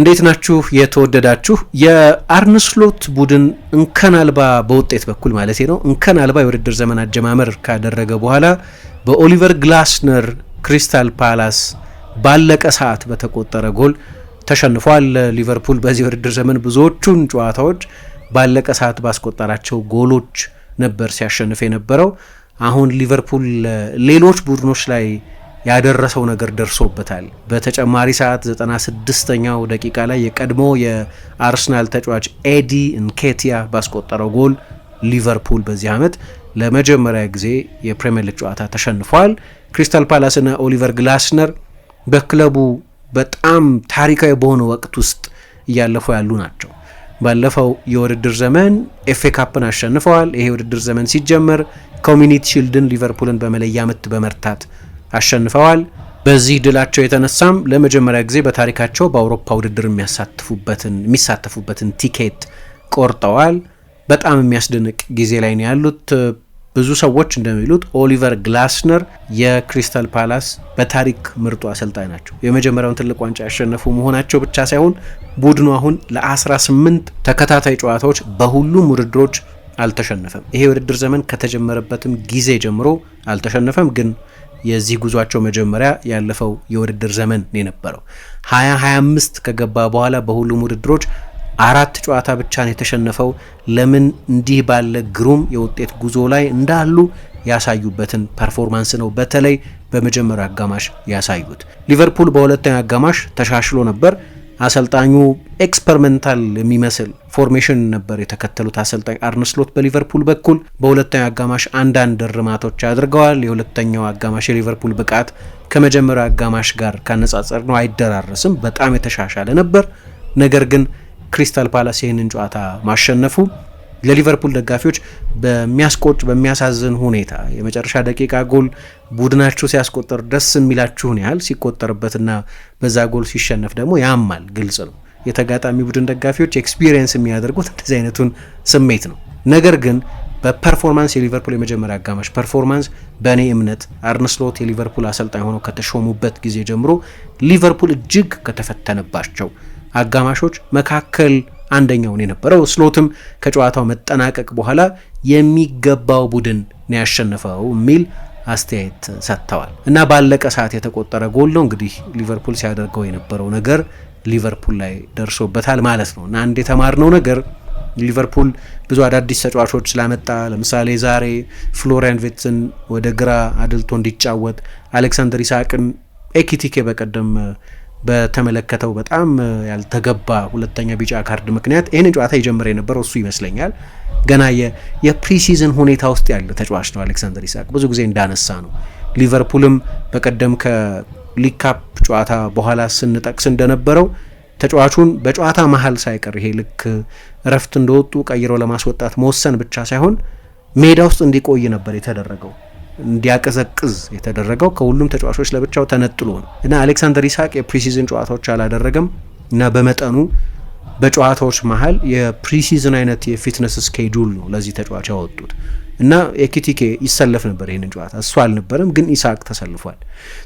እንዴት ናችሁ የተወደዳችሁ የአርንስሎት ቡድን እንከን አልባ በውጤት በኩል ማለት ነው እንከን አልባ የውድድር ዘመን አጀማመር ካደረገ በኋላ በኦሊቨር ግላስነር ክሪስታል ፓላስ ባለቀ ሰዓት በተቆጠረ ጎል ተሸንፏል። ሊቨርፑል በዚህ ውድድር ዘመን ብዙዎቹን ጨዋታዎች ባለቀ ሰዓት ባስቆጠራቸው ጎሎች ነበር ሲያሸንፍ የነበረው። አሁን ሊቨርፑል ሌሎች ቡድኖች ላይ ያደረሰው ነገር ደርሶበታል። በተጨማሪ ሰዓት 96ኛው ደቂቃ ላይ የቀድሞ የአርሰናል ተጫዋች ኤዲ ንኬቲያ ባስቆጠረው ጎል ሊቨርፑል በዚህ ዓመት ለመጀመሪያ ጊዜ የፕሪምየር ሊግ ጨዋታ ተሸንፏል። ክሪስታል ፓላስና ኦሊቨር ግላስነር በክለቡ በጣም ታሪካዊ በሆነ ወቅት ውስጥ እያለፉ ያሉ ናቸው። ባለፈው የውድድር ዘመን ኤፌ ካፕን አሸንፈዋል። ይሄ የውድድር ዘመን ሲጀመር ኮሚኒቲ ሺልድን ሊቨርፑልን በመለያ ምት በመርታት አሸንፈዋል። በዚህ ድላቸው የተነሳም ለመጀመሪያ ጊዜ በታሪካቸው በአውሮፓ ውድድር የሚሳተፉበትን ቲኬት ቆርጠዋል። በጣም የሚያስደንቅ ጊዜ ላይ ነው ያሉት። ብዙ ሰዎች እንደሚሉት ኦሊቨር ግላስነር የክሪስታል ፓላስ በታሪክ ምርጡ አሰልጣኝ ናቸው። የመጀመሪያውን ትልቅ ዋንጫ ያሸነፉ መሆናቸው ብቻ ሳይሆን ቡድኑ አሁን ለ18 ተከታታይ ጨዋታዎች በሁሉም ውድድሮች አልተሸነፈም። ይሄ የውድድር ዘመን ከተጀመረበትም ጊዜ ጀምሮ አልተሸነፈም ግን የዚህ ጉዟቸው መጀመሪያ ያለፈው የውድድር ዘመን ነው የነበረው። 2025 ከገባ በኋላ በሁሉም ውድድሮች አራት ጨዋታ ብቻ ነው የተሸነፈው። ለምን እንዲህ ባለ ግሩም የውጤት ጉዞ ላይ እንዳሉ ያሳዩበትን ፐርፎርማንስ ነው በተለይ በመጀመሪያው አጋማሽ ያሳዩት። ሊቨርፑል በሁለተኛው አጋማሽ ተሻሽሎ ነበር። አሰልጣኙ ኤክስፐሪመንታል የሚመስል ፎርሜሽን ነበር የተከተሉት አሰልጣኝ አርነስሎት በሊቨርፑል በኩል በሁለተኛው አጋማሽ አንዳንድ እርማቶች አድርገዋል። የሁለተኛው አጋማሽ የሊቨርፑል ብቃት ከመጀመሪያው አጋማሽ ጋር ካነጻጸር ነው አይደራረስም፣ በጣም የተሻሻለ ነበር። ነገር ግን ክሪስታል ፓላስ ይህንን ጨዋታ ማሸነፉ ለሊቨርፑል ደጋፊዎች በሚያስቆጭ በሚያሳዝን ሁኔታ የመጨረሻ ደቂቃ ጎል ቡድናችሁ ሲያስቆጠር ደስ የሚላችሁን ያህል ሲቆጠርበትና በዛ ጎል ሲሸነፍ ደግሞ ያማል። ግልጽ ነው። የተጋጣሚ ቡድን ደጋፊዎች ኤክስፒሪየንስ የሚያደርጉት እንደዚህ አይነቱን ስሜት ነው። ነገር ግን በፐርፎርማንስ የሊቨርፑል የመጀመሪያ አጋማሽ ፐርፎርማንስ በእኔ እምነት አርነ ስሎት የሊቨርፑል አሰልጣኝ ሆነው ከተሾሙበት ጊዜ ጀምሮ ሊቨርፑል እጅግ ከተፈተነባቸው አጋማሾች መካከል አንደኛውን የነበረው ስሎትም ከጨዋታው መጠናቀቅ በኋላ የሚገባው ቡድን ነው ያሸነፈው የሚል አስተያየት ሰጥተዋል። እና ባለቀ ሰዓት የተቆጠረ ጎል ነው እንግዲህ ሊቨርፑል ሲያደርገው የነበረው ነገር ሊቨርፑል ላይ ደርሶበታል ማለት ነው። እና አንድ የተማርነው ነገር ሊቨርፑል ብዙ አዳዲስ ተጫዋቾች ስላመጣ ለምሳሌ ዛሬ ፍሎሪያን ቬትስን ወደ ግራ አድልቶ እንዲጫወት አሌክሳንደር ኢሳቅን ኤኪቲኬ በቀደም በተመለከተው በጣም ያልተገባ ሁለተኛ ቢጫ ካርድ ምክንያት ይህን ጨዋታ የጀመረ የነበረው እሱ ይመስለኛል። ገና የፕሪሲዝን ሁኔታ ውስጥ ያለ ተጫዋች ነው አሌክሳንደር ኢሳቅ። ብዙ ጊዜ እንዳነሳ ነው ሊቨርፑልም በቀደም ከሊግ ካፕ ጨዋታ በኋላ ስንጠቅስ እንደነበረው ተጫዋቹን በጨዋታ መሀል ሳይቀር ይሄ ልክ እረፍት እንደወጡ ቀይረው ለማስወጣት መወሰን ብቻ ሳይሆን ሜዳ ውስጥ እንዲቆይ ነበር የተደረገው። እንዲያቀዘቅዝ የተደረገው ከሁሉም ተጫዋቾች ለብቻው ተነጥሎ ነው እና አሌክሳንደር ኢሳቅ የፕሪሲዝን ጨዋታዎች አላደረገም እና በመጠኑ በጨዋታዎች መሀል የፕሪሲዝን አይነት የፊትነስ ስኬጁል ነው ለዚህ ተጫዋች ያወጡት። እና ኤኪቲኬ ይሰለፍ ነበር ይህንን ጨዋታ እሱ አልነበረም፣ ግን ኢሳክ ተሰልፏል።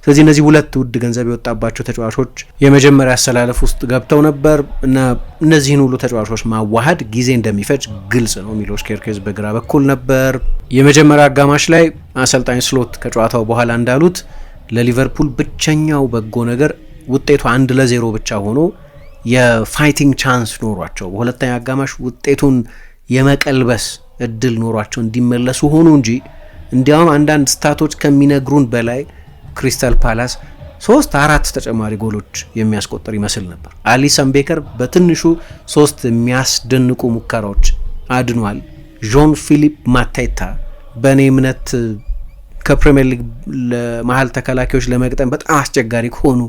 ስለዚህ እነዚህ ሁለት ውድ ገንዘብ የወጣባቸው ተጫዋቾች የመጀመሪያ አሰላለፍ ውስጥ ገብተው ነበር እና እነዚህን ሁሉ ተጫዋቾች ማዋሃድ ጊዜ እንደሚፈጅ ግልጽ ነው። ሚሎሽ ኬርኬዝ በግራ በኩል ነበር። የመጀመሪያ አጋማሽ ላይ አሰልጣኝ ስሎት ከጨዋታው በኋላ እንዳሉት ለሊቨርፑል ብቸኛው በጎ ነገር ውጤቱ አንድ ለዜሮ ብቻ ሆኖ የፋይቲንግ ቻንስ ኖሯቸው በሁለተኛ አጋማሽ ውጤቱን የመቀልበስ እድል ኖሯቸው እንዲመለሱ ሆኑ እንጂ እንዲያውም አንዳንድ ስታቶች ከሚነግሩን በላይ ክሪስታል ፓላስ ሶስት አራት ተጨማሪ ጎሎች የሚያስቆጥር ይመስል ነበር። አሊሰን ቤከር በትንሹ ሶስት የሚያስደንቁ ሙከራዎች አድኗል። ዦን ፊሊፕ ማታይታ በእኔ እምነት ከፕሪምየር ሊግ ለመሀል ተከላካዮች ለመግጠም በጣም አስቸጋሪ ከሆኑ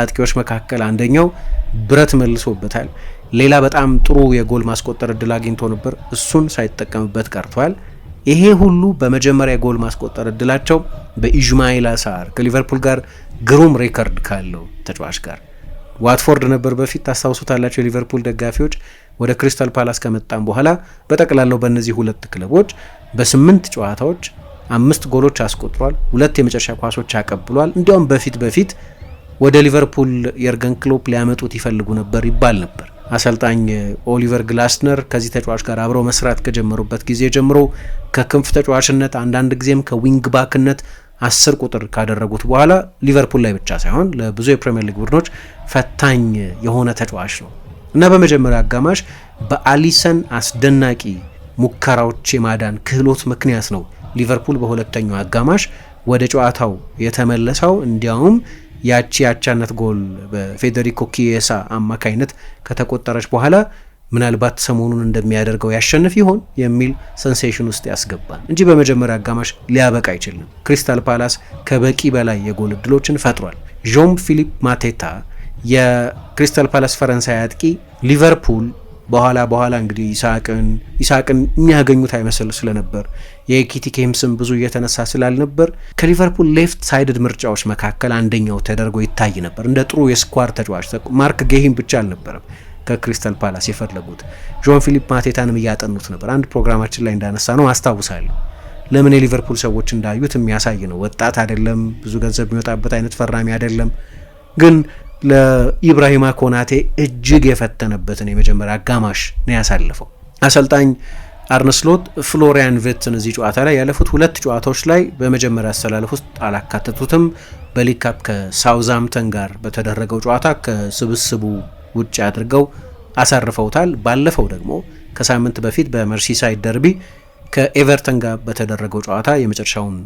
አጥቂዎች መካከል አንደኛው ብረት መልሶበታል። ሌላ በጣም ጥሩ የጎል ማስቆጠር እድል አግኝቶ ነበር፣ እሱን ሳይጠቀምበት ቀርቷል። ይሄ ሁሉ በመጀመሪያ የጎል ማስቆጠር እድላቸው በኢዥማኤል ሳር ከሊቨርፑል ጋር ግሩም ሬከርድ ካለው ተጫዋች ጋር ዋትፎርድ ነበር በፊት ታስታውሱታላቸው፣ የሊቨርፑል ደጋፊዎች ወደ ክሪስታል ፓላስ ከመጣም በኋላ በጠቅላላው በእነዚህ ሁለት ክለቦች በስምንት ጨዋታዎች አምስት ጎሎች አስቆጥሯል። ሁለት የመጨረሻ ኳሶች አቀብሏል። እንዲያውም በፊት በፊት ወደ ሊቨርፑል የርገን ክሎፕ ሊያመጡት ይፈልጉ ነበር ይባል ነበር። አሰልጣኝ ኦሊቨር ግላስነር ከዚህ ተጫዋች ጋር አብረው መስራት ከጀመሩበት ጊዜ ጀምሮ ከክንፍ ተጫዋችነት አንዳንድ ጊዜም ከዊንግ ባክነት አስር ቁጥር ካደረጉት በኋላ ሊቨርፑል ላይ ብቻ ሳይሆን ለብዙ የፕሪምየር ሊግ ቡድኖች ፈታኝ የሆነ ተጫዋች ነው እና በመጀመሪያ አጋማሽ በአሊሰን አስደናቂ ሙከራዎች የማዳን ክህሎት ምክንያት ነው ሊቨርፑል በሁለተኛው አጋማሽ ወደ ጨዋታው የተመለሰው እንዲያውም ያቺ ያቻነት ጎል በፌዴሪኮ ኪየሳ አማካይነት ከተቆጠረች በኋላ ምናልባት ሰሞኑን እንደሚያደርገው ያሸንፍ ይሆን የሚል ሰንሴሽን ውስጥ ያስገባል እንጂ በመጀመሪያ አጋማሽ ሊያበቃ አይችልም። ክሪስታል ፓላስ ከበቂ በላይ የጎል እድሎችን ፈጥሯል። ዦም ፊሊፕ ማቴታ የክሪስታል ፓላስ ፈረንሳይ አጥቂ ሊቨርፑል በኋላ በኋላ እንግዲህ ይስሐቅን ይስሐቅን የሚያገኙት አይመስል ስለነበር የኪቲኬም ስም ብዙ እየተነሳ ስላልነበር ከሊቨርፑል ሌፍት ሳይድድ ምርጫዎች መካከል አንደኛው ተደርጎ ይታይ ነበር። እንደ ጥሩ የስኳር ተጫዋች ማርክ ጌሂም ብቻ አልነበረም ከክሪስታል ፓላስ የፈለጉት ጆን ፊሊፕ ማቴታንም እያጠኑት ነበር። አንድ ፕሮግራማችን ላይ እንዳነሳ ነው አስታውሳለሁ። ለምን የሊቨርፑል ሰዎች እንዳዩት የሚያሳይ ነው። ወጣት አይደለም፣ ብዙ ገንዘብ የሚወጣበት አይነት ፈራሚ አይደለም ግን ለኢብራሂማ ኮናቴ እጅግ የፈተነበትን የመጀመሪያ አጋማሽ ነው ያሳለፈው። አሰልጣኝ አርነስሎት ፍሎሪያን ቬትስን እዚህ ጨዋታ ላይ ያለፉት ሁለት ጨዋታዎች ላይ በመጀመሪያ አሰላለፍ ውስጥ አላካተቱትም። በሊግ ካፕ ከሳውዛምተን ጋር በተደረገው ጨዋታ ከስብስቡ ውጭ አድርገው አሳርፈውታል። ባለፈው ደግሞ ከሳምንት በፊት በመርሲሳይድ ደርቢ ከኤቨርተን ጋር በተደረገው ጨዋታ የመጨረሻውን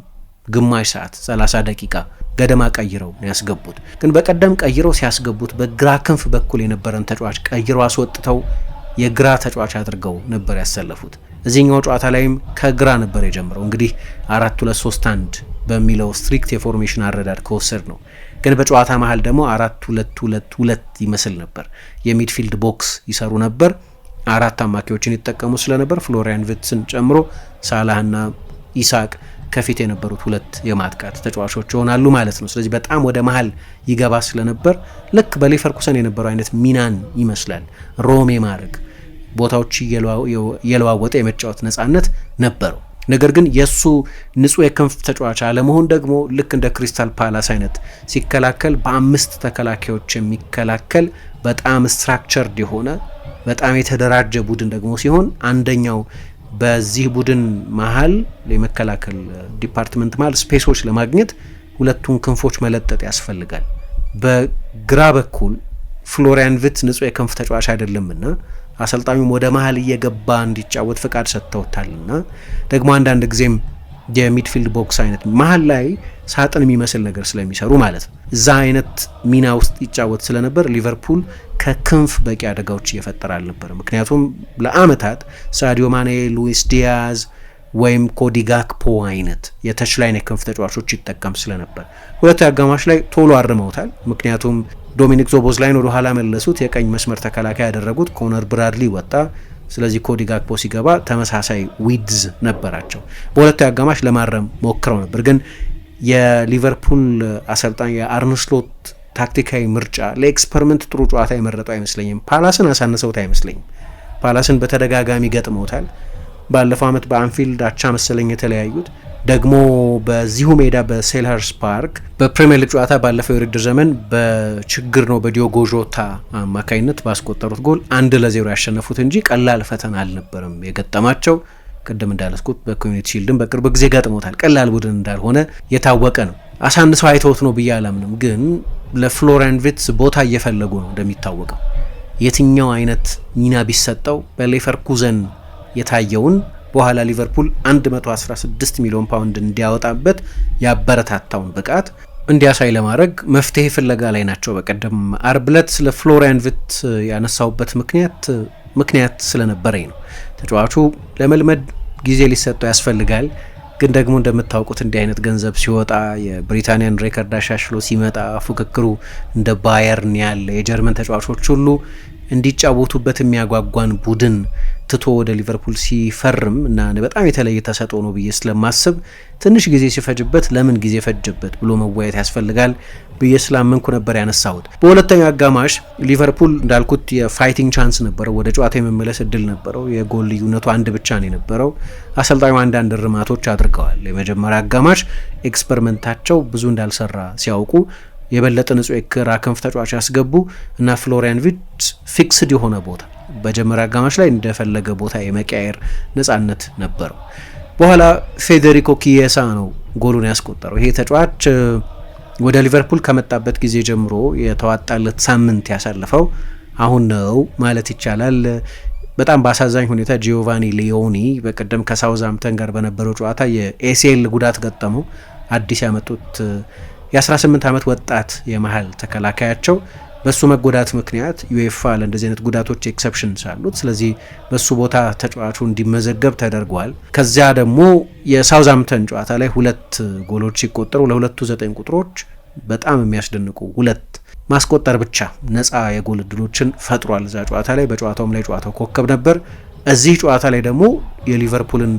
ግማሽ ሰዓት 30 ደቂቃ ገደማ ቀይረው ነው ያስገቡት። ግን በቀደም ቀይረው ሲያስገቡት በግራ ክንፍ በኩል የነበረን ተጫዋች ቀይረው አስወጥተው የግራ ተጫዋች አድርገው ነበር ያሰለፉት። እዚህኛው ጨዋታ ላይም ከግራ ነበር የጀምረው። እንግዲህ አራት ሁለት ሶስት አንድ በሚለው ስትሪክት የፎርሜሽን አረዳድ ከወሰድ ነው። ግን በጨዋታ መሀል ደግሞ አራት ሁለት ሁለት ሁለት ይመስል ነበር። የሚድፊልድ ቦክስ ይሰሩ ነበር። አራት አማካዮችን ይጠቀሙ ስለነበር ፍሎሪያን ቪትስን ጨምሮ ሳላህና ኢሳቅ ከፊት የነበሩት ሁለት የማጥቃት ተጫዋቾች ይሆናሉ ማለት ነው። ስለዚህ በጣም ወደ መሀል ይገባ ስለነበር ልክ በሌቨርኩሰን የነበረው አይነት ሚናን ይመስላል ሮም የማድረግ ቦታዎች የለዋወጠ የመጫወት ነጻነት ነበረው። ነገር ግን የእሱ ንጹህ የክንፍ ተጫዋች አለመሆን ደግሞ ልክ እንደ ክሪስታል ፓላስ አይነት ሲከላከል በአምስት ተከላካዮች የሚከላከል በጣም ስትራክቸርድ የሆነ በጣም የተደራጀ ቡድን ደግሞ ሲሆን አንደኛው በዚህ ቡድን መሀል የመከላከል ዲፓርትመንት መሀል ስፔሶች ለማግኘት ሁለቱን ክንፎች መለጠጥ ያስፈልጋል። በግራ በኩል ፍሎሪያን ቪት ንጹህ የክንፍ ተጫዋች አይደለምና አሰልጣኙም ወደ መሀል እየገባ እንዲጫወት ፍቃድ ሰጥተውታልና ደግሞ አንዳንድ ጊዜም የሚድፊልድ ቦክስ አይነት መሀል ላይ ሳጥን የሚመስል ነገር ስለሚሰሩ ማለት ነው እዛ አይነት ሚና ውስጥ ይጫወት ስለነበር ሊቨርፑል ከክንፍ በቂ አደጋዎች እየፈጠረ አልነበር። ምክንያቱም ለአመታት ሳዲዮ ማኔ፣ ሉዊስ ዲያዝ ወይም ኮዲ ጋክፖ አይነት የተች ላይን የክንፍ ተጫዋቾች ይጠቀም ስለነበር ሁለቱ አጋማሽ ላይ ቶሎ አርመውታል። ምክንያቱም ዶሚኒክ ዞቦዝ ላይን ወደ ኋላ መለሱት፣ የቀኝ መስመር ተከላካይ ያደረጉት፣ ኮነር ብራድሊ ወጣ። ስለዚህ ኮዲ ጋክፖ ሲገባ ተመሳሳይ ዊድዝ ነበራቸው። በሁለቱ አጋማሽ ለማረም ሞክረው ነበር ግን የሊቨርፑል አሰልጣኝ የአርንስሎት ታክቲካዊ ምርጫ ለኤክስፐሪመንት ጥሩ ጨዋታ የመረጡ አይመስለኝም። ፓላስን አሳንሰውት አይመስለኝም። ፓላስን በተደጋጋሚ ገጥመውታል። ባለፈው ዓመት በአንፊልድ አቻ መሰለኝ የተለያዩት ደግሞ በዚሁ ሜዳ በሴልኸርስት ፓርክ በፕሪሚየር ሊግ ጨዋታ ባለፈው የውድድር ዘመን በችግር ነው በዲዮጎ ጆታ አማካኝነት ባስቆጠሩት ጎል አንድ ለዜሮ ያሸነፉት እንጂ ቀላል ፈተና አልነበረም የገጠማቸው። ቅድም እንዳለስኩት በኮሚኒቲ ሺልድን በቅርብ ጊዜ ገጥሞታል። ቀላል ቡድን እንዳልሆነ የታወቀ ነው። አሳንሰው አይተውት ነው ብዬ አላምንም። ግን ለፍሎሪያን ቪርትዝ ቦታ እየፈለጉ ነው። እንደሚታወቀው የትኛው አይነት ሚና ቢሰጠው በሌቨርኩዘን የታየውን በኋላ ሊቨርፑል 116 ሚሊዮን ፓውንድ እንዲያወጣበት ያበረታታውን ብቃት እንዲያሳይ ለማድረግ መፍትሄ ፍለጋ ላይ ናቸው። በቀደም አርብ ዕለት ስለ ፍሎሪያን ቪት ያነሳውበት ምክንያት ምክንያት ስለነበረኝ ነው። ተጫዋቹ ለመልመድ ጊዜ ሊሰጠው ያስፈልጋል። ግን ደግሞ እንደምታውቁት እንዲህ አይነት ገንዘብ ሲወጣ የብሪታንያን ሬከርድ አሻሽሎ ሲመጣ ፉክክሩ እንደ ባየርን ያለ የጀርመን ተጫዋቾች ሁሉ እንዲጫወቱበት የሚያጓጓን ቡድን ትቶ ወደ ሊቨርፑል ሲፈርም እና በጣም የተለየ ተሰጥኦ ነው ብዬ ስለማስብ ትንሽ ጊዜ ሲፈጅበት ለምን ጊዜ ፈጀበት ብሎ መወያየት ያስፈልጋል ብዬ ስላመንኩ ነበር ያነሳሁት። በሁለተኛው አጋማሽ ሊቨርፑል እንዳልኩት የፋይቲንግ ቻንስ ነበረው፣ ወደ ጨዋታ የመመለስ እድል ነበረው። የጎል ልዩነቱ አንድ ብቻ ነው የነበረው። አሰልጣኙ አንዳንድ እርማቶች አድርገዋል። የመጀመሪያ አጋማሽ ኤክስፐሪመንታቸው ብዙ እንዳልሰራ ሲያውቁ የበለጠ ንጹህ የግራ ክንፍ ተጫዋች ያስገቡ እና ፍሎሪያን ቪርትዝ ፊክስድ የሆነ ቦታ በጀመሪያ አጋማሽ ላይ እንደፈለገ ቦታ የመቀያየር ነጻነት ነበረው። በኋላ ፌዴሪኮ ኪየሳ ነው ጎሉን ያስቆጠረው። ይሄ ተጫዋች ወደ ሊቨርፑል ከመጣበት ጊዜ ጀምሮ የተዋጣለት ሳምንት ያሳለፈው አሁን ነው ማለት ይቻላል። በጣም በአሳዛኝ ሁኔታ ጂዮቫኒ ሊዮኒ ከሳውዝ ከሳውዛምተን ጋር በነበረው ጨዋታ የኤሲኤል ጉዳት ገጠመው። አዲስ ያመጡት የ18 ዓመት ወጣት የመሀል ተከላካያቸው በሱ መጎዳት ምክንያት ዩኤፋ ለእንደዚህ አይነት ጉዳቶች ኤክሰፕሽን አሉት። ስለዚህ በሱ ቦታ ተጫዋቹ እንዲመዘገብ ተደርጓል። ከዚያ ደግሞ የሳውዝሃምፕተን ጨዋታ ላይ ሁለት ጎሎች ሲቆጠሩ ለሁለቱ ዘጠኝ ቁጥሮች በጣም የሚያስደንቁ ሁለት ማስቆጠር ብቻ ነፃ የጎል እድሎችን ፈጥሯል። እዛ ጨዋታ ላይ በጨዋታውም ላይ ጨዋታው ኮከብ ነበር። እዚህ ጨዋታ ላይ ደግሞ የሊቨርፑልን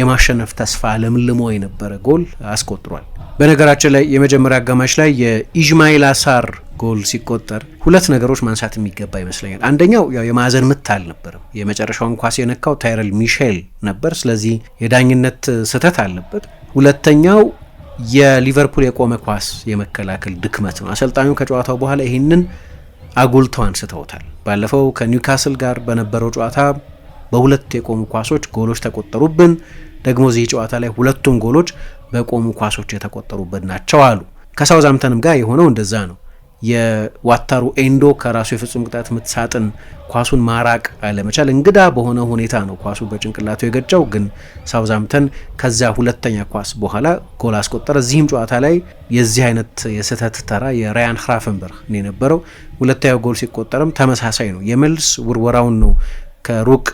የማሸነፍ ተስፋ ለምልሞ የነበረ ጎል አስቆጥሯል። በነገራችን ላይ የመጀመሪያ አጋማሽ ላይ የኢዥማኤል አሳር ጎል ሲቆጠር ሁለት ነገሮች ማንሳት የሚገባ ይመስለኛል። አንደኛው ያው የማዕዘን ምት አልነበረም። የመጨረሻውን ኳስ የነካው ታይረል ሚሼል ነበር። ስለዚህ የዳኝነት ስህተት አለበት። ሁለተኛው የሊቨርፑል የቆመ ኳስ የመከላከል ድክመት ነው። አሰልጣኙ ከጨዋታው በኋላ ይህንን አጉልተው አንስተውታል። ባለፈው ከኒውካስል ጋር በነበረው ጨዋታ በሁለት የቆሙ ኳሶች ጎሎች ተቆጠሩብን። ደግሞ እዚህ ጨዋታ ላይ ሁለቱም ጎሎች በቆሙ ኳሶች የተቆጠሩበት ናቸው አሉ። ከሳውዛምተንም ጋር የሆነው እንደዛ ነው። የዋታሩ ኤንዶ ከራሱ የፍጹም ቅጣት ምት ሳጥን ኳሱን ማራቅ አለመቻል እንግዳ በሆነ ሁኔታ ነው ኳሱ በጭንቅላቱ የገጨው። ግን ሳውዛምተን ከዚያ ሁለተኛ ኳስ በኋላ ጎል አስቆጠረ። እዚህም ጨዋታ ላይ የዚህ አይነት የስህተት ተራ የራያን ክራፈንበርግ የነበረው። ሁለተኛው ጎል ሲቆጠርም ተመሳሳይ ነው። የመልስ ውርወራውን ነው ከሩቅ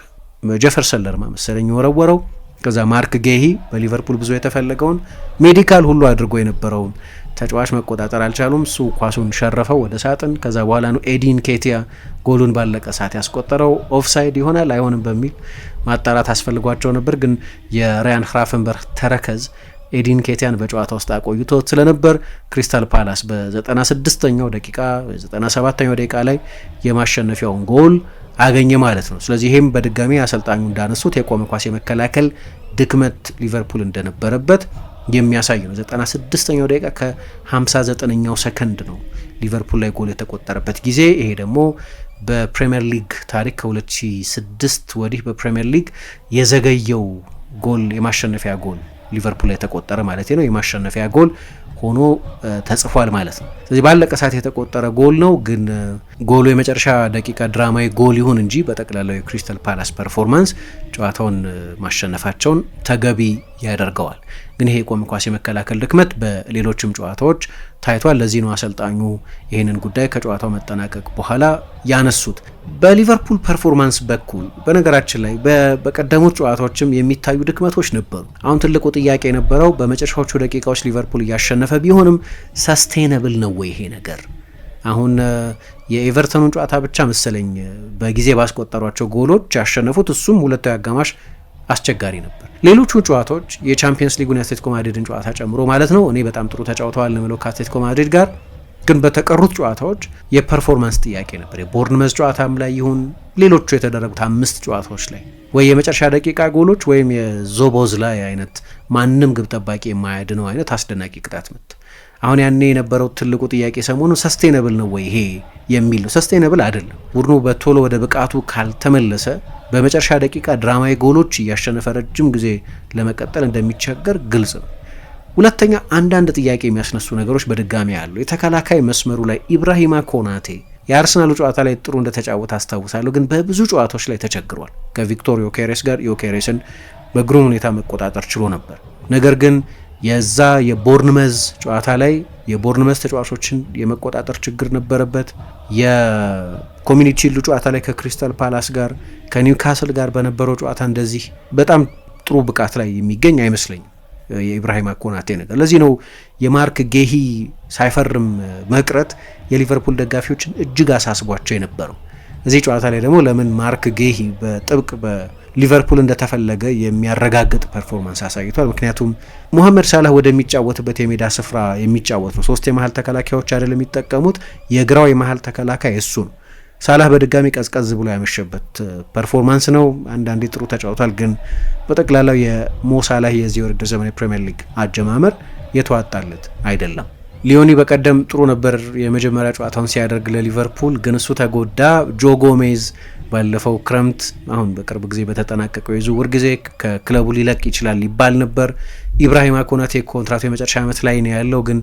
ጀፈርሰን ለርማ መሰለኝ ወረወረው። ከዛ ማርክ ጌሂ በሊቨርፑል ብዙ የተፈለገውን ሜዲካል ሁሉ አድርጎ የነበረውን ተጫዋች መቆጣጠር አልቻሉም። እሱ ኳሱን ሸረፈው ወደ ሳጥን። ከዛ በኋላ ነው ኤዲን ኬቲያ ጎሉን ባለቀ ሰዓት ያስቆጠረው። ኦፍሳይድ ይሆናል አይሆንም በሚል ማጣራት አስፈልጓቸው ነበር፣ ግን የሪያን ክራፍንበር ተረከዝ ኤዲን ኬቲያን በጨዋታ ውስጥ አቆይቶ ስለነበር ክሪስታል ፓላስ በ96ኛው ደቂቃ 97ኛው ደቂቃ ላይ የማሸነፊያውን ጎል አገኘ ማለት ነው። ስለዚህ ይሄም በድጋሚ አሰልጣኙ እንዳነሱት የቆመ ኳስ የመከላከል ድክመት ሊቨርፑል እንደነበረበት የሚያሳይ ነው። 96ኛው ደቂቃ ከ59ኛው ሰከንድ ነው ሊቨርፑል ላይ ጎል የተቆጠረበት ጊዜ። ይሄ ደግሞ በፕሪምየር ሊግ ታሪክ ከ2006 ወዲህ በፕሪምየር ሊግ የዘገየው ጎል የማሸነፊያ ጎል ሊቨርፑል ላይ የተቆጠረ ማለት ነው የማሸነፊያ ጎል ሆኖ ተጽፏል ማለት ነው። ስለዚህ ባለቀ ሰዓት የተቆጠረ ጎል ነው፣ ግን ጎሉ የመጨረሻ ደቂቃ ድራማዊ ጎል ይሁን እንጂ በጠቅላላው የክሪስታል ፓላስ ፐርፎርማንስ ጨዋታውን ማሸነፋቸውን ተገቢ ያደርገዋል። ግን ይሄ የቆመ ኳስ የመከላከል ድክመት በሌሎችም ጨዋታዎች ታይቷል። ለዚህ ነው አሰልጣኙ ይህንን ጉዳይ ከጨዋታው መጠናቀቅ በኋላ ያነሱት። በሊቨርፑል ፐርፎርማንስ በኩል በነገራችን ላይ በቀደሙት ጨዋታዎችም የሚታዩ ድክመቶች ነበሩ። አሁን ትልቁ ጥያቄ የነበረው በመጨረሻዎቹ ደቂቃዎች ሊቨርፑል እያሸነፈ ቢሆንም ሰስቴነብል ነው ወይ ይሄ ነገር አሁን የኤቨርተኑን ጨዋታ ብቻ መሰለኝ በጊዜ ባስቆጠሯቸው ጎሎች ያሸነፉት። እሱም ሁለታዊ አጋማሽ አስቸጋሪ ነበር። ሌሎቹ ጨዋታዎች የቻምፒየንስ ሊጉን የአትሌቲኮ ማድሪድን ጨዋታ ጨምሮ ማለት ነው እኔ በጣም ጥሩ ተጫውተዋል የምለው ከአትሌቲኮ ማድሪድ ጋር ግን በተቀሩት ጨዋታዎች የፐርፎርማንስ ጥያቄ ነበር። የቦርንመዝ ጨዋታም ላይ ይሁን ሌሎቹ የተደረጉት አምስት ጨዋታዎች ላይ ወይ የመጨረሻ ደቂቃ ጎሎች ወይም የዞቦዝ ላይ አይነት ማንም ግብ ጠባቂ የማያድነው አይነት አስደናቂ ቅጣት ምት። አሁን ያኔ የነበረው ትልቁ ጥያቄ ሰሞኑ ሰስቴነብል ነው ወይ ይሄ የሚል ነው። ሰስቴነብል አይደለም። ቡድኑ በቶሎ ወደ ብቃቱ ካልተመለሰ በመጨረሻ ደቂቃ ድራማዊ ጎሎች እያሸነፈ ረጅም ጊዜ ለመቀጠል እንደሚቸገር ግልጽ ነው። ሁለተኛ አንዳንድ ጥያቄ የሚያስነሱ ነገሮች በድጋሚ አሉ። የተከላካይ መስመሩ ላይ ኢብራሂማ ኮናቴ የአርሰናሉ ጨዋታ ላይ ጥሩ እንደተጫወተ አስታውሳለሁ፣ ግን በብዙ ጨዋታዎች ላይ ተቸግሯል። ከቪክቶር ዮኬሬስ ጋር ዮኬሬስን በግሩም ሁኔታ መቆጣጠር ችሎ ነበር። ነገር ግን የዛ የቦርንመዝ ጨዋታ ላይ የቦርንመዝ ተጫዋቾችን የመቆጣጠር ችግር ነበረበት። ኮሚኒቲ ሺልዱ ጨዋታ ላይ ከክሪስታል ፓላስ ጋር ከኒውካስል ጋር በነበረው ጨዋታ እንደዚህ በጣም ጥሩ ብቃት ላይ የሚገኝ አይመስለኝም የኢብራሂም ኮናቴ ነገር። ለዚህ ነው የማርክ ጌሂ ሳይፈርም መቅረት የሊቨርፑል ደጋፊዎችን እጅግ አሳስቧቸው የነበረው። እዚህ ጨዋታ ላይ ደግሞ ለምን ማርክ ጌሂ በጥብቅ በሊቨርፑል እንደተፈለገ የሚያረጋግጥ ፐርፎርማንስ አሳይቷል። ምክንያቱም ሙሐመድ ሳላህ ወደሚጫወትበት የሜዳ ስፍራ የሚጫወት ነው። ሶስት የመሀል ተከላካዮች አይደለም የሚጠቀሙት፣ የግራው የመሀል ተከላካይ እሱ ነው። ሳላህ በድጋሚ ቀዝቀዝ ብሎ ያመሸበት ፐርፎርማንስ ነው። አንዳንዴ ጥሩ ተጫውቷል፣ ግን በጠቅላላው የሞሳላህ የዚህ የውድድር ዘመን የፕሪምየር ሊግ አጀማመር የተዋጣለት አይደለም። ሊዮኒ በቀደም ጥሩ ነበር የመጀመሪያ ጨዋታውን ሲያደርግ ለሊቨርፑል፣ ግን እሱ ተጎዳ። ጆ ጎሜዝ ባለፈው ክረምት አሁን በቅርብ ጊዜ በተጠናቀቀው የዝውውር ጊዜ ከክለቡ ሊለቅ ይችላል ይባል ነበር። ኢብራሂማ ኮናቴ ኮንትራቱ የመጨረሻ ዓመት ላይ ነው ያለው፣ ግን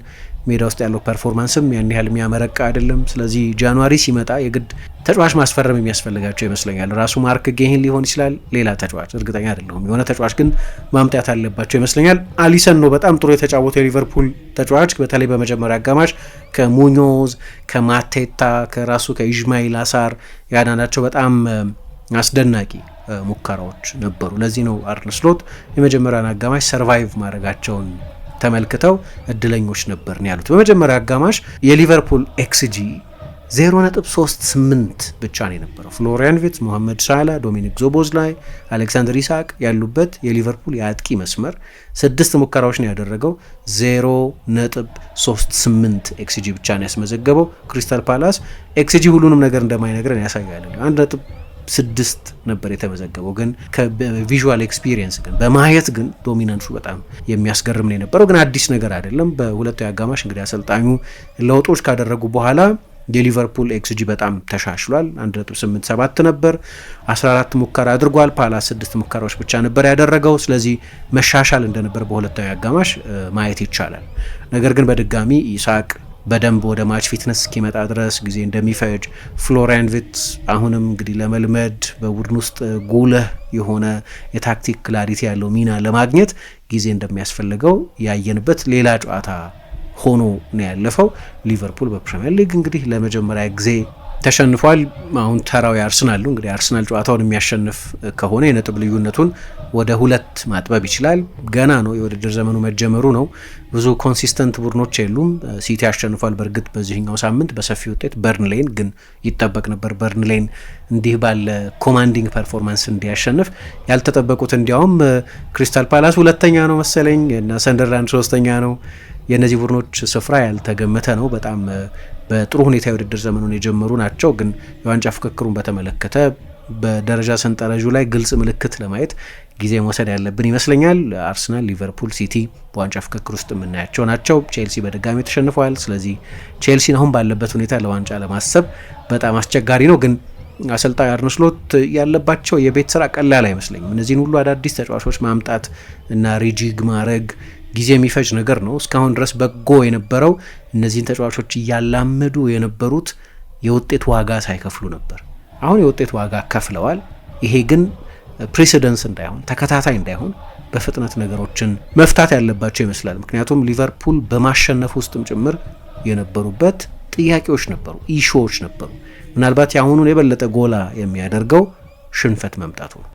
ሜዳ ውስጥ ያለው ፐርፎርማንስም ያን ያህል የሚያመረቃ አይደለም። ስለዚህ ጃንዋሪ ሲመጣ የግድ ተጫዋች ማስፈረም የሚያስፈልጋቸው ይመስለኛል። ራሱ ማርክ ጌሂን ሊሆን ይችላል፣ ሌላ ተጫዋች እርግጠኛ አይደለሁም። የሆነ ተጫዋች ግን ማምጣት አለባቸው ይመስለኛል። አሊሰን ነው በጣም ጥሩ የተጫወተው የሊቨርፑል ተጫዋች፣ በተለይ በመጀመሪያ አጋማሽ ከሙኞዝ ከማቴታ ከራሱ ከኢዥማኤል አሳር ያዳናቸው በጣም አስደናቂ ሙከራዎች ነበሩ። ለዚህ ነው አርነ ስሎት የመጀመሪያን አጋማሽ ሰርቫይቭ ማድረጋቸውን ተመልክተው እድለኞች ነበር ነው ያሉት። በመጀመሪያ አጋማሽ የሊቨርፑል ኤክስጂ 0.38 ብቻ ነው የነበረው። ፍሎሪያን ቪትስ፣ ሞሐመድ ሳላ፣ ዶሚኒክ ዞቦዝ ላይ አሌክሳንድር ኢሳቅ ያሉበት የሊቨርፑል የአጥቂ መስመር ስድስት ሙከራዎች ነው ያደረገው። 0.38 ኤክስጂ ብቻ ነው ያስመዘገበው። ክሪስታል ፓላስ ኤክስጂ ሁሉንም ነገር እንደማይነግረን ያሳያል። ስድስት ነበር የተመዘገበው። ግን ከቪዥዋል ኤክስፒሪየንስ ግን በማየት ግን ዶሚናንሱ በጣም የሚያስገርም ነው የነበረው። ግን አዲስ ነገር አይደለም። በሁለቱ አጋማሽ እንግዲህ አሰልጣኙ ለውጦች ካደረጉ በኋላ የሊቨርፑል ኤክስጂ በጣም ተሻሽሏል። 1.87 ነበር። 14 ሙከራ አድርጓል። ፓላስ 6 ሙከራዎች ብቻ ነበር ያደረገው። ስለዚህ መሻሻል እንደነበር በሁለታዊ አጋማሽ ማየት ይቻላል። ነገር ግን በድጋሚ ኢሳቅ በደንብ ወደ ማች ፊትነስ እስኪመጣ ድረስ ጊዜ እንደሚፈጅ ፍሎሪያን ቪትዝ አሁንም እንግዲህ ለመልመድ በቡድን ውስጥ ጉልህ የሆነ የታክቲክ ክላሪቲ ያለው ሚና ለማግኘት ጊዜ እንደሚያስፈልገው ያየንበት ሌላ ጨዋታ ሆኖ ነው ያለፈው። ሊቨርፑል በፕሪምየር ሊግ እንግዲህ ለመጀመሪያ ጊዜ ተሸንፏል። አሁን ተራው የአርሰናል ነው። እንግዲህ አርሰናል ጨዋታውን የሚያሸንፍ ከሆነ የነጥብ ልዩነቱን ወደ ሁለት ማጥበብ ይችላል። ገና ነው፣ የውድድር ዘመኑ መጀመሩ ነው። ብዙ ኮንሲስተንት ቡድኖች የሉም። ሲቲ አሸንፏል በእርግጥ በዚህኛው ሳምንት በሰፊ ውጤት በርንሌን ግን ይጠበቅ ነበር በርንሌን እንዲህ ባለ ኮማንዲንግ ፐርፎርማንስ እንዲያሸንፍ። ያልተጠበቁት እንዲያውም ክሪስታል ፓላስ ሁለተኛ ነው መሰለኝ እና ሰንደርላንድ ሶስተኛ ነው። የእነዚህ ቡድኖች ስፍራ ያልተገመተ ነው። በጣም በጥሩ ሁኔታ የውድድር ዘመኑን የጀመሩ ናቸው። ግን የዋንጫ ፍክክሩን በተመለከተ በደረጃ ሰንጠረዡ ላይ ግልጽ ምልክት ለማየት ጊዜ መውሰድ ያለብን ይመስለኛል። አርሰናል፣ ሊቨርፑል፣ ሲቲ በዋንጫ ፍክክር ውስጥ የምናያቸው ናቸው። ቼልሲ በድጋሚ ተሸንፈዋል። ስለዚህ ቼልሲን አሁን ባለበት ሁኔታ ለዋንጫ ለማሰብ በጣም አስቸጋሪ ነው። ግን አሰልጣኝ አርነ ስሎት ያለባቸው የቤት ስራ ቀላል አይመስለኝም። እነዚህን ሁሉ አዳዲስ ተጫዋቾች ማምጣት እና ሪጂግ ማድረግ ጊዜ የሚፈጅ ነገር ነው። እስካሁን ድረስ በጎ የነበረው እነዚህን ተጫዋቾች እያላመዱ የነበሩት የውጤት ዋጋ ሳይከፍሉ ነበር። አሁን የውጤት ዋጋ ከፍለዋል። ይሄ ግን ፕሬሲደንስ እንዳይሆን ተከታታይ እንዳይሆን በፍጥነት ነገሮችን መፍታት ያለባቸው ይመስላል። ምክንያቱም ሊቨርፑል በማሸነፍ ውስጥም ጭምር የነበሩበት ጥያቄዎች ነበሩ፣ ኢሹዎች ነበሩ። ምናልባት የአሁኑን የበለጠ ጎላ የሚያደርገው ሽንፈት መምጣቱ ነው።